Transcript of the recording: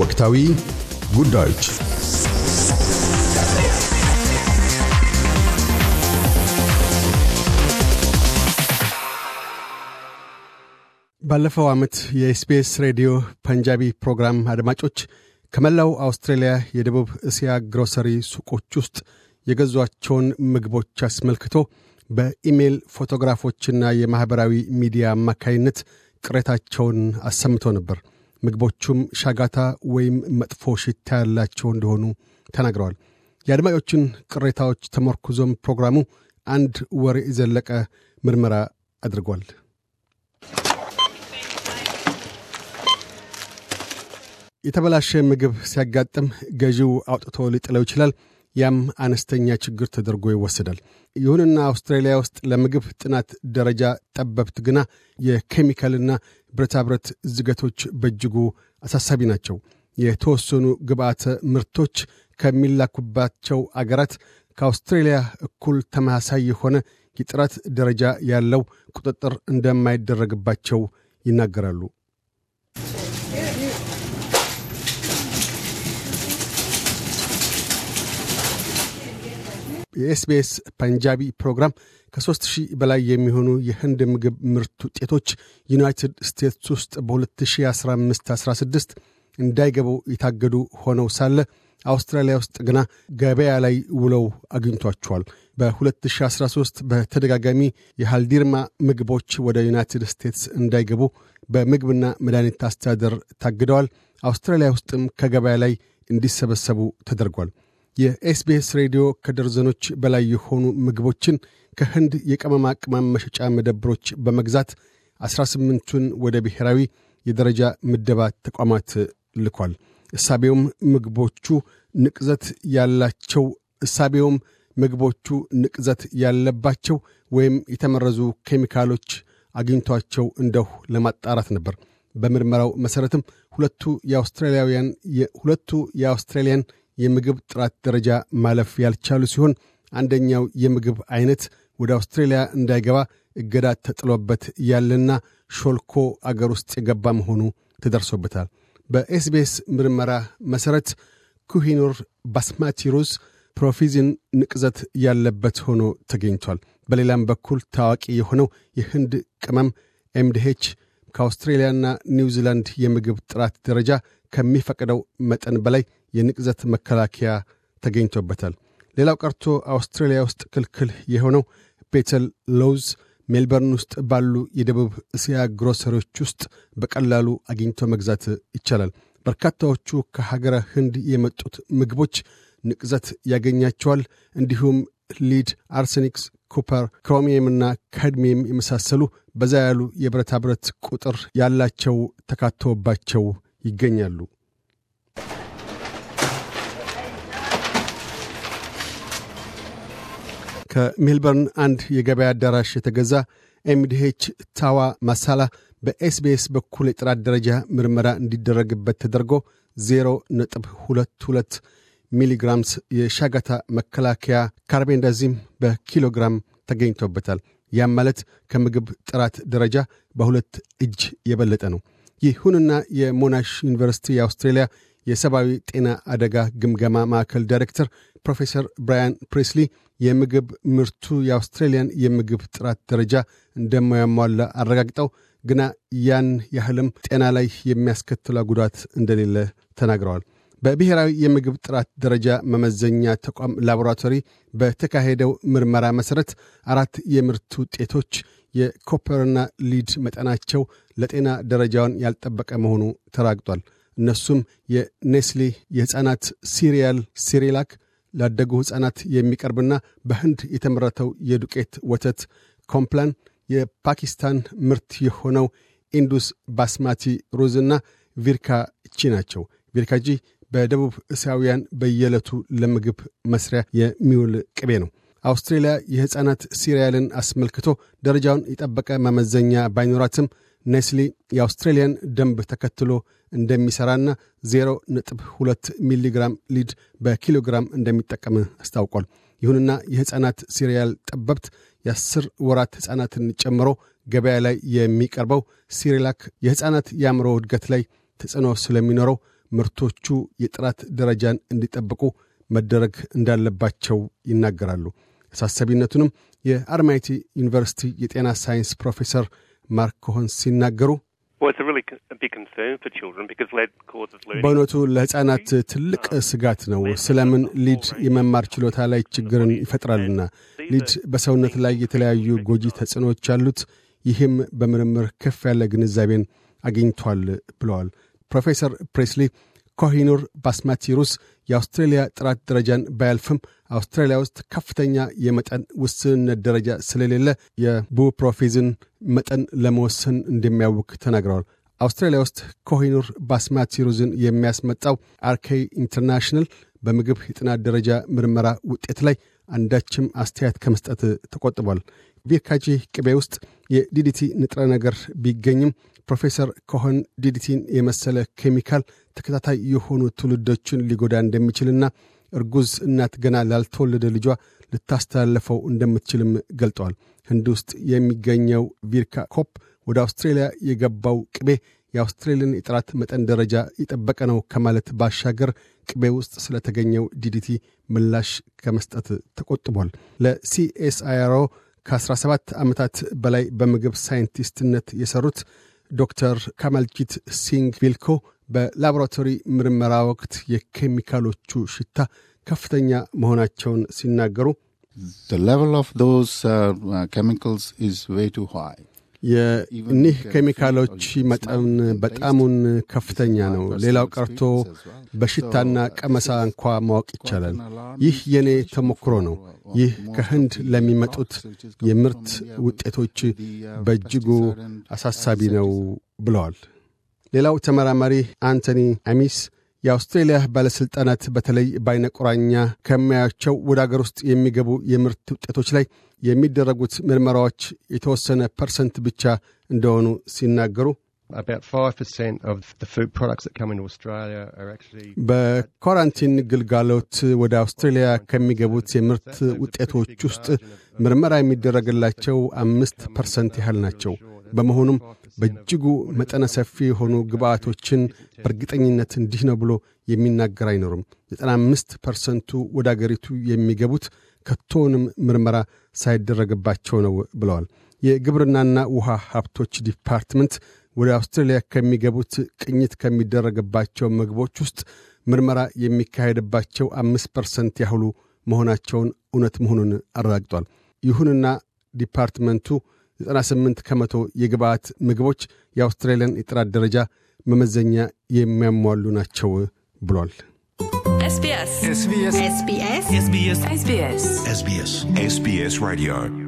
ወቅታዊ ጉዳዮች ባለፈው ዓመት የኤስቢኤስ ሬዲዮ ፓንጃቢ ፕሮግራም አድማጮች ከመላው አውስትራሊያ የደቡብ እስያ ግሮሰሪ ሱቆች ውስጥ የገዟቸውን ምግቦች አስመልክቶ በኢሜይል ፎቶግራፎችና የማኅበራዊ ሚዲያ አማካይነት ቅሬታቸውን አሰምቶ ነበር። ምግቦቹም ሻጋታ ወይም መጥፎ ሽታ ያላቸው እንደሆኑ ተናግረዋል። የአድማጮችን ቅሬታዎች ተመርኩዞም ፕሮግራሙ አንድ ወር የዘለቀ ምርመራ አድርጓል። የተበላሸ ምግብ ሲያጋጥም ገዢው አውጥቶ ሊጥለው ይችላል። ያም አነስተኛ ችግር ተደርጎ ይወሰዳል። ይሁንና አውስትራሊያ ውስጥ ለምግብ ጥናት ደረጃ ጠበብት ግና የኬሚካልና ብረታብረት ዝገቶች በእጅጉ አሳሳቢ ናቸው። የተወሰኑ ግብዓተ ምርቶች ከሚላኩባቸው አገራት ከአውስትሬልያ እኩል ተመሳሳይ የሆነ የጥራት ደረጃ ያለው ቁጥጥር እንደማይደረግባቸው ይናገራሉ። የኤስቢኤስ ፓንጃቢ ፕሮግራም ከሦስት ሺህ በላይ የሚሆኑ የህንድ ምግብ ምርት ውጤቶች ዩናይትድ ስቴትስ ውስጥ በ2015-16 እንዳይገቡ የታገዱ ሆነው ሳለ አውስትራሊያ ውስጥ ግና ገበያ ላይ ውለው አግኝቷቸዋል። በ2013 በተደጋጋሚ የሃልዲርማ ምግቦች ወደ ዩናይትድ ስቴትስ እንዳይገቡ በምግብና መድኃኒት አስተዳደር ታግደዋል። አውስትራሊያ ውስጥም ከገበያ ላይ እንዲሰበሰቡ ተደርጓል። የኤስቢኤስ ሬዲዮ ከደርዘኖች በላይ የሆኑ ምግቦችን ከህንድ የቅመማ ቅመም መሸጫ መደብሮች በመግዛት 18ቱን ወደ ብሔራዊ የደረጃ ምደባ ተቋማት ልኳል። እሳቤውም ምግቦቹ ንቅዘት ያላቸው እሳቤውም ምግቦቹ ንቅዘት ያለባቸው ወይም የተመረዙ ኬሚካሎች አግኝቷቸው እንደሁ ለማጣራት ነበር። በምርመራው መሠረትም ሁለቱ የአውስትራሊያውያን ሁለቱ የአውስትራሊያን የምግብ ጥራት ደረጃ ማለፍ ያልቻሉ ሲሆን አንደኛው የምግብ አይነት ወደ አውስትሬልያ እንዳይገባ እገዳ ተጥሎበት ያለና ሾልኮ አገር ውስጥ የገባ መሆኑ ተደርሶበታል። በኤስቢኤስ ምርመራ መሠረት ኩሂኖር ባስማቲሩስ ፕሮፊዚን ንቅዘት ያለበት ሆኖ ተገኝቷል። በሌላም በኩል ታዋቂ የሆነው የህንድ ቅመም ኤምድሄች ከአውስትሬልያና ኒውዚላንድ የምግብ ጥራት ደረጃ ከሚፈቅደው መጠን በላይ የንቅዘት መከላከያ ተገኝቶበታል። ሌላው ቀርቶ አውስትራሊያ ውስጥ ክልክል የሆነው ቤተል ሎውዝ ሜልበርን ውስጥ ባሉ የደቡብ እስያ ግሮሰሪዎች ውስጥ በቀላሉ አግኝቶ መግዛት ይቻላል። በርካታዎቹ ከሀገረ ህንድ የመጡት ምግቦች ንቅዘት ያገኛቸዋል። እንዲሁም ሊድ፣ አርሰኒክስ፣ ኩፐር፣ ክሮሚየም ና ካድሚየም የመሳሰሉ በዛ ያሉ የብረታ ብረት ቁጥር ያላቸው ተካተውባቸው ይገኛሉ። ከሜልበርን አንድ የገበያ አዳራሽ የተገዛ ኤምዲኤች ታዋ ማሳላ በኤስቢኤስ በኩል የጥራት ደረጃ ምርመራ እንዲደረግበት ተደርጎ 0.22 ሚሊግራምስ የሻጋታ መከላከያ ካርቤንዳዚም በኪሎግራም ተገኝቶበታል። ያም ማለት ከምግብ ጥራት ደረጃ በሁለት እጅ የበለጠ ነው። ይሁንና የሞናሽ ዩኒቨርሲቲ የአውስትሬልያ የሰብአዊ ጤና አደጋ ግምገማ ማዕከል ዳይሬክተር ፕሮፌሰር ብራያን ፕሬስሊ የምግብ ምርቱ የአውስትሬልያን የምግብ ጥራት ደረጃ እንደማያሟላ አረጋግጠው ግና ያን ያህልም ጤና ላይ የሚያስከትላ ጉዳት እንደሌለ ተናግረዋል። በብሔራዊ የምግብ ጥራት ደረጃ መመዘኛ ተቋም ላቦራቶሪ በተካሄደው ምርመራ መሠረት አራት የምርት ውጤቶች የኮፐርና ሊድ መጠናቸው ለጤና ደረጃውን ያልጠበቀ መሆኑ ተራግጧል። እነሱም የኔስሊ የሕፃናት ሲሪያል ሲሪላክ ላደጉ ሕፃናት የሚቀርብና በህንድ የተመረተው የዱቄት ወተት ኮምፕላን፣ የፓኪስታን ምርት የሆነው ኢንዱስ ባስማቲ ሩዝና ቺ ናቸው። ቪርካጂ በደቡብ እስያውያን በየዕለቱ ለምግብ መስሪያ የሚውል ቅቤ ነው። አውስትሬልያ የሕፃናት ሲሪያልን አስመልክቶ ደረጃውን የጠበቀ መመዘኛ ባይኖራትም ኔስሊ የአውስትሬልያን ደንብ ተከትሎ እንደሚሠራና 0.2 ሚሊግራም ሊድ በኪሎግራም እንደሚጠቀም አስታውቋል። ይሁንና የሕፃናት ሲሪያል ጠበብት የአስር ወራት ሕፃናትን ጨምሮ ገበያ ላይ የሚቀርበው ሲሪላክ የሕፃናት የአእምሮ እድገት ላይ ተጽዕኖ ስለሚኖረው ምርቶቹ የጥራት ደረጃን እንዲጠብቁ መደረግ እንዳለባቸው ይናገራሉ። አሳሳቢነቱንም የአርማይቲ ዩኒቨርሲቲ የጤና ሳይንስ ፕሮፌሰር ማርክ ኮሆን ሲናገሩ በእውነቱ ለሕፃናት ትልቅ ስጋት ነው። ስለምን ሊድ የመማር ችሎታ ላይ ችግርን ይፈጥራልና። ሊድ በሰውነት ላይ የተለያዩ ጎጂ ተጽዕኖዎች አሉት። ይህም በምርምር ከፍ ያለ ግንዛቤን አግኝቷል ብለዋል ፕሮፌሰር ፕሬስሊ። ኮሂኑር ባስማቲሩስ የአውስትሬልያ ጥራት ደረጃን ባያልፍም አውስትራሊያ ውስጥ ከፍተኛ የመጠን ውስንነት ደረጃ ስለሌለ የቡፕሮፊዝን መጠን ለመወሰን እንደሚያውቅ ተናግረዋል። አውስትራሊያ ውስጥ ኮሂኑር ባስማቲሩዝን የሚያስመጣው አርኬይ ኢንተርናሽናል በምግብ የጥናት ደረጃ ምርመራ ውጤት ላይ አንዳችም አስተያየት ከመስጠት ተቆጥቧል። ቢርካጂ ቅቤ ውስጥ የዲዲቲ ንጥረ ነገር ቢገኝም ፕሮፌሰር ኮሆን ዲዲቲን የመሰለ ኬሚካል ተከታታይ የሆኑ ትውልዶችን ሊጎዳ እንደሚችልና እርጉዝ እናት ገና ላልተወለደ ልጇ ልታስተላለፈው እንደምትችልም ገልጠዋል። ህንድ ውስጥ የሚገኘው ቪርካ ኮፕ ወደ አውስትሬልያ የገባው ቅቤ የአውስትሬልን የጥራት መጠን ደረጃ የጠበቀ ነው ከማለት ባሻገር ቅቤ ውስጥ ስለተገኘው ዲዲቲ ምላሽ ከመስጠት ተቆጥቧል። ለሲኤስአይሮ ከ17 ዓመታት በላይ በምግብ ሳይንቲስትነት የሰሩት ዶክተር ካማልጂት ሲንግ ቪልኮ በላቦራቶሪ ምርመራ ወቅት የኬሚካሎቹ ሽታ ከፍተኛ መሆናቸውን ሲናገሩ uh, የእኒህ ኬሚካሎች መጠን በጣሙን ከፍተኛ ነው። ሌላው ቀርቶ በሽታና ቀመሳ እንኳ ማወቅ ይቻላል። ይህ የኔ ተሞክሮ ነው። ይህ ከህንድ ለሚመጡት የምርት ውጤቶች በእጅጉ አሳሳቢ ነው ብለዋል። ሌላው ተመራማሪ አንቶኒ አሚስ የአውስትሬልያ ባለሥልጣናት በተለይ በአይነ ቁራኛ ከሚያያቸው ወደ አገር ውስጥ የሚገቡ የምርት ውጤቶች ላይ የሚደረጉት ምርመራዎች የተወሰነ ፐርሰንት ብቻ እንደሆኑ ሲናገሩ በኳራንቲን ግልጋሎት ወደ አውስትሬልያ ከሚገቡት የምርት ውጤቶች ውስጥ ምርመራ የሚደረግላቸው አምስት ፐርሰንት ያህል ናቸው። በመሆኑም በእጅጉ መጠነ ሰፊ የሆኑ ግብአቶችን በእርግጠኝነት እንዲህ ነው ብሎ የሚናገር አይኖርም። 95 ፐርሰንቱ ወደ አገሪቱ የሚገቡት ከቶውንም ምርመራ ሳይደረግባቸው ነው ብለዋል። የግብርናና ውሃ ሀብቶች ዲፓርትመንት ወደ አውስትራሊያ ከሚገቡት ቅኝት ከሚደረግባቸው ምግቦች ውስጥ ምርመራ የሚካሄድባቸው አምስት ፐርሰንት ያህሉ መሆናቸውን እውነት መሆኑን አረጋግጧል። ይሁንና ዲፓርትመንቱ 98 ከመቶ የግብዓት ምግቦች የአውስትራሊያን የጥራት ደረጃ መመዘኛ የሚያሟሉ ናቸው ብሏል። SBS SBS SBS SBS SBS SBS Radio